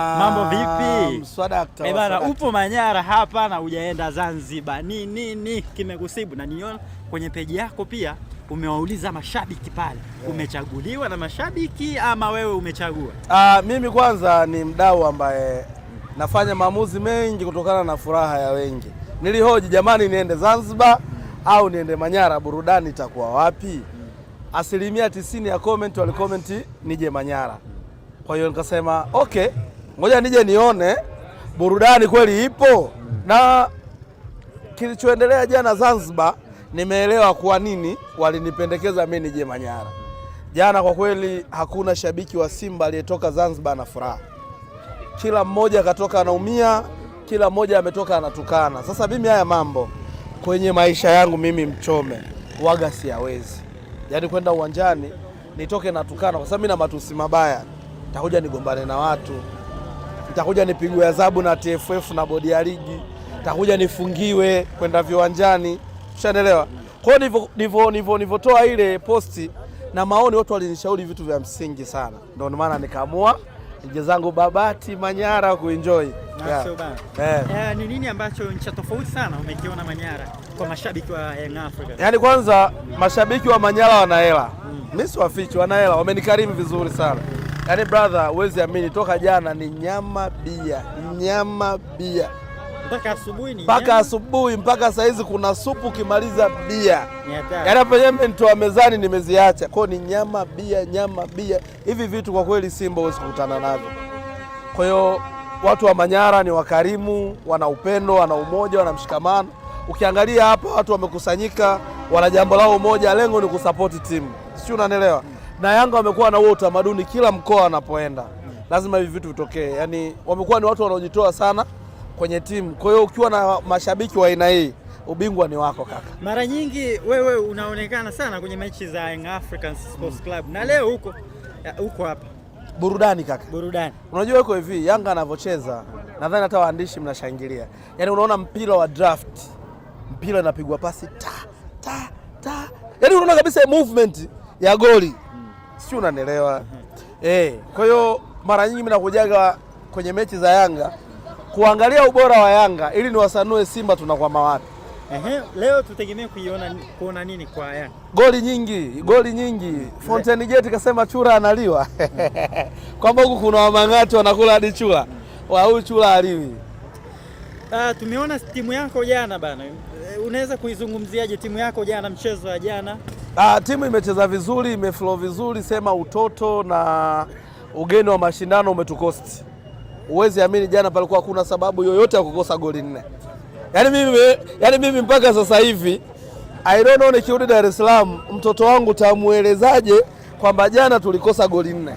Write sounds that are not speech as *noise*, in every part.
Mambo vipi? Swadakta. Eh, bana upo Manyara hapa na hujaenda Zanzibar. Ni nini ni, kimekusibu na niona kwenye peji yako pia umewauliza mashabiki pale. Yeah. Umechaguliwa na mashabiki ama wewe umechagua? Ah, mimi kwanza ni mdau ambaye nafanya maamuzi mengi kutokana na furaha ya wengi. Nilihoji jamani, niende Zanzibar au niende Manyara, burudani itakuwa wapi? Asilimia tisini ya comment walikomenti nije Manyara, kwa hiyo nikasema okay ngoja nije nione burudani kweli ipo. Na kilichoendelea jana Zanzibar, nimeelewa kwa nini walinipendekeza mimi nije Manyara jana. Kwa kweli hakuna shabiki wa Simba aliyetoka Zanzibar na furaha, kila mmoja katoka anaumia, kila mmoja ametoka anatukana. Sasa mimi haya mambo kwenye maisha yangu mimi mchome waga siyawezi, yaani kwenda uwanjani nitoke natukana, kwa sababu mimi na matusi mabaya, tahuja nigombane na watu nitakuja nipigwe adhabu na TFF na bodi ya ligi, nitakuja nifungiwe kwenda viwanjani, ushaelewa? Kwa hiyo nilivyotoa ile posti na maoni, watu walinishauri vitu vya msingi sana, ndio maana nikaamua nje zangu Babati Manyara kuenjoy. Yeah. Yeah. Uh, ni nini ambacho cha tofauti sana umekiona Manyara kwa mashabiki wa Young Africa? Yaani kwanza mashabiki wa Manyara wanahela hela. Mm. Mimi siwafichi, wana wamenikarimu vizuri sana. Yaani brother, huwezi amini, toka jana ni nyama bia, nyama bia mpaka asubuhi ni mpaka asubuhi mpaka saa hizi kuna supu, ukimaliza bia. Yaani hapo yembe nitoa mezani nimeziacha kwao, ni nyama bia, nyama bia. Hivi vitu kwa kweli Simba huwezi kukutana navyo. Kwa hiyo watu wa Manyara ni wakarimu, wana upendo, wana umoja, wana mshikamano. Ukiangalia hapa watu wamekusanyika, wana jambo lao moja, lengo ni kusapoti timu, sio? Unanielewa? na Yanga wamekuwa na huo utamaduni, kila mkoa anapoenda lazima hivi vitu vitokee. Yani wamekuwa ni watu wanaojitoa sana kwenye timu, kwa hiyo ukiwa na mashabiki wa aina hii ubingwa ni wako kaka. Mara nyingi wewe unaonekana sana kwenye mechi za Young Africans Sports mm. Club na leo huko huko hapa burudani kaka, burudani. Unajua uko hivi Yanga anavyocheza, nadhani hata waandishi mnashangilia. Yani unaona mpira wa draft, mpira inapigwa pasi ta ta ta, yani unaona kabisa movement ya goli si unanielewa? Mhm. Eh, kwa hiyo mara nyingi mimi nakujaga kwenye mechi za Yanga kuangalia ubora wa Yanga ili niwasanue Simba tunakwama wapi. Ehe, leo tutegemee kuiona kuona nini kwa Yanga? Goli nyingi, goli nyingi. Mm. Fontaine Jet kasema chura analiwa. Mm. *laughs* Kwamba huku kuna wamang'ati wanakula hadi chura. Mm. Wa huyu chura aliwi. Ah, tumeona timu yako jana bana. Eh, unaweza kuizungumziaje timu yako jana mchezo wa jana? Ah, timu imecheza vizuri, imeflow vizuri, sema utoto na ugeni wa mashindano umetukosti. uwezi amini, jana palikuwa kuna sababu yoyote ya kukosa goli nne. Yaani mimi, yaani mimi mpaka sasa hivi I don't know nikirudi Dar es Salaam mtoto wangu tamuelezaje kwamba jana tulikosa goli nne.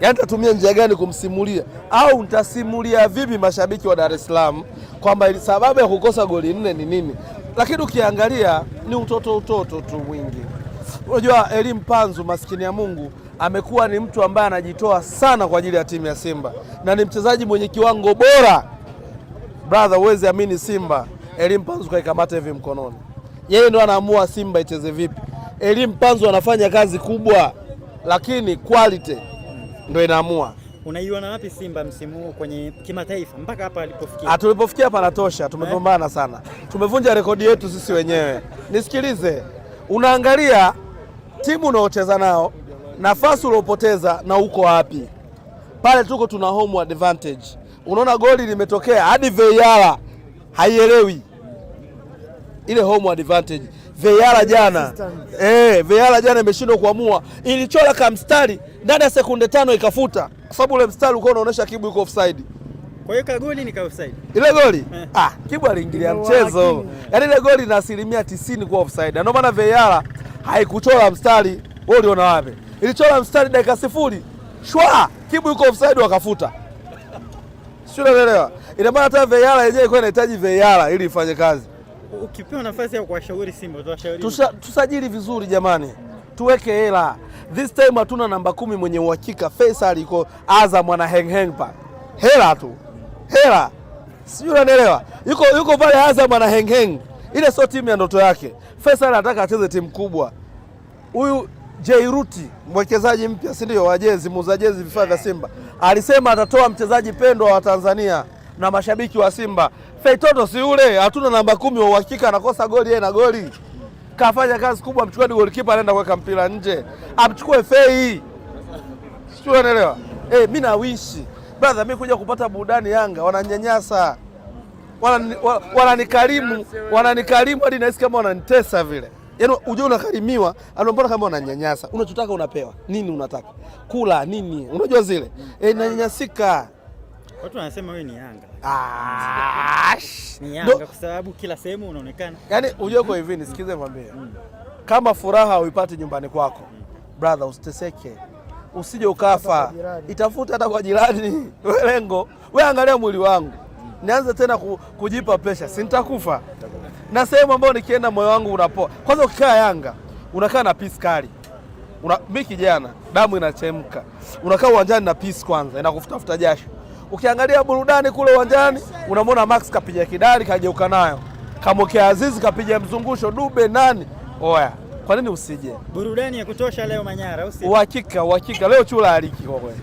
Yaani tatumia njia gani kumsimulia au nitasimulia vipi mashabiki wa Dar es Salaam kwamba sababu ya kukosa goli nne ni nini? Lakini ukiangalia ni utoto utoto tu mwingi. Unajua Elim Panzu maskini ya Mungu amekuwa ni mtu ambaye anajitoa sana kwa ajili ya timu ya Simba na ni mchezaji mwenye kiwango bora. Brother, huwezi amini, Simba Elim Panzu kaikamata hivi mkononi, yeye ndo anaamua Simba icheze vipi. Elim Panzu anafanya kazi kubwa, lakini quality ndo inaamua. Unaiona wapi Simba msimu huu kwenye kimataifa mpaka hapa alipofikia? Ah, Tulipofikia hapa natosha, tumepambana sana, tumevunja rekodi yetu sisi wenyewe. Nisikilize, unaangalia timu unaocheza nao, nafasi uliopoteza na uko wapi. Pale tuko tuna home advantage. Unaona goli limetokea hadi Veiara haielewi ile home advantage. Veiara jana eh, Veiara jana imeshindwa kuamua, ilichora kamstari ndani ya sekunde tano ikafuta, kwa sababu ule mstari ulikuwa unaonyesha Kibu yuko offside. Kwa hiyo kagoli ni ka offside. Ile goli eh. Ah, Kibu aliingilia mchezo yaani ile goli na asilimia tisini kuwa offside, ndio maana Veiara haikuchora mstari. Wewe uliona wapi? Ilichora mstari dakika sifuri, shwa kibu yuko offside, wakafuta. Sio, unaelewa? Ina maana hata VAR yenyewe ilikuwa inahitaji VAR ili ifanye kazi. Ukipewa nafasi ya kuwashauri Simba utawashauri. Tusajili vizuri jamani, tuweke hela this time. Hatuna namba kumi mwenye uhakika. Faisal iko Azam ana hang hang pa hela tu hela, sijui unaelewa, Yuko yuko pale Azam ana hang hang, ile sio timu ya ndoto yake. Faisal anataka acheze timu kubwa. Huyu Jairuti mwekezaji mpya, si ndio, wa jezi, muuza jezi vifaa vya Simba alisema atatoa mchezaji pendwa wa Tanzania na mashabiki wa Simba. Feitoto si yule, hatuna namba kumi wa uhakika, anakosa goli yeye na goli kafanya kazi kubwa, amchukua ni golikipa, anaenda kuweka mpira nje, amchukue Fei, sio unaelewa? Eh, mimi nawishi brother, mimi kuja kupata burudani Yanga wananyanyasa wananikarimu wananikarimu hadi nahisi kama wananitesa vile. Yaani unajua unakarimiwa, mbona kama unanyanyasa? Unachotaka unapewa. Nini unataka? Kula nini? Unajua zile. Eh, nanyanyasika. Watu wanasema wewe ni Yanga. Ah, ni Yanga kwa sababu kila sehemu unaonekana. Yaani unajua kwa hivi nisikize mwambie. Kama furaha uipate nyumbani kwako. Brother usiteseke. Usije ukafa. Itafuta hata kwa jirani. Wewe lengo, wewe angalia mwili wangu nianze tena kujipa pesha si nitakufa? Na sehemu ambayo nikienda moyo wangu unapoa. Kwanza ukikaa Yanga unakaa na pisi kali una, mi kijana damu inachemka, unakaa uwanjani na pisi kwanza inakufutafuta jasho. Ukiangalia burudani kule uwanjani unamwona Max kapiga kidari kageuka nayo, kamwekea Azizi kapiga mzungusho dube nani oya kwa nini usije? Burudani ya kutosha leo Manyara, usije. Uhakika, uhakika leo chula aliki kwa kweli.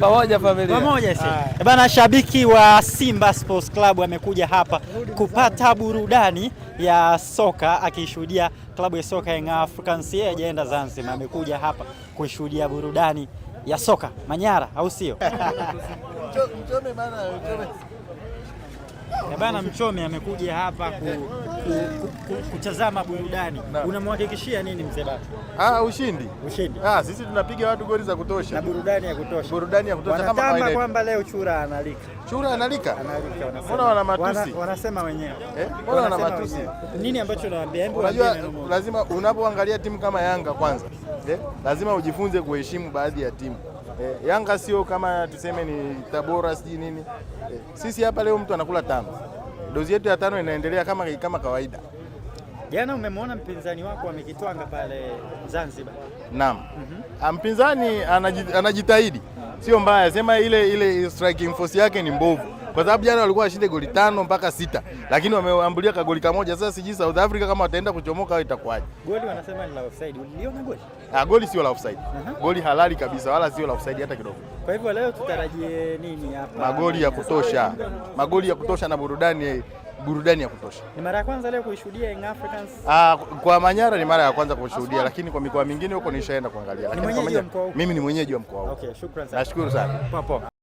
Pamoja familia. Pamoja sisi. Eh, bana, shabiki wa Simba Sports Club amekuja hapa kupata burudani ya soka akishuhudia klabu ya soka ya African ajaenda Zanzibar, amekuja hapa kushuhudia burudani ya soka Manyara, au sio? *laughs* Bana Mchome amekuja hapa ku, ku, ku, ku, kutazama burudani, unamhakikishia nini mzee Bata? Ah, ushindi. Ushindi. Ah, sisi tunapiga watu goli za kutosha na burudani ya kutosha. Burudani ya kutosha kama kawaida. kwamba leo chura analika. Chura analika? Analika wanasema. Mbona wana matusi? Wanasema wenyewe. Eh? Mbona wana matusi? Nini ambacho naambia? Unajua lazima unapoangalia timu kama Yanga kwanza, eh? Lazima ujifunze kuheshimu baadhi ya timu. Eh, Yanga sio kama tuseme ni Tabora siji nini eh. Sisi hapa leo mtu anakula tano, dozi yetu ya tano inaendelea kama, kama kawaida. Jana umemwona mpinzani wako amejitwanga pale Zanzibar. Naam. mm -hmm. Mpinzani anajitahidi, sio mbaya, sema ile ile striking force yake ni mbovu kwa sababu jana walikuwa washinde goli tano mpaka sita, lakini wameambulia kagoli kamoja. Sasa sijui South Africa kama wataenda kuchomoka au itakuwaje? Goli wanasema ni la offside, uliona goli? Ah, goli sio la offside. uh -huh. Goli halali kabisa, wala sio la offside hata kidogo. Kwa hivyo leo tutarajie nini hapa? Magoli ya kutosha, magoli ya kutosha na burudani burudani ya kutosha. Ni mara ya kwanza leo kuishuhudia Young Africans? Ah, kwa Manyara ni mara ya kwanza kuishuhudia, lakini kwa mikoa mingine huko nishaenda kuangalia, lakini mimi ni mwenyeji wa mkoa huu. Okay, shukrani sana. Nashukuru sana. Popo.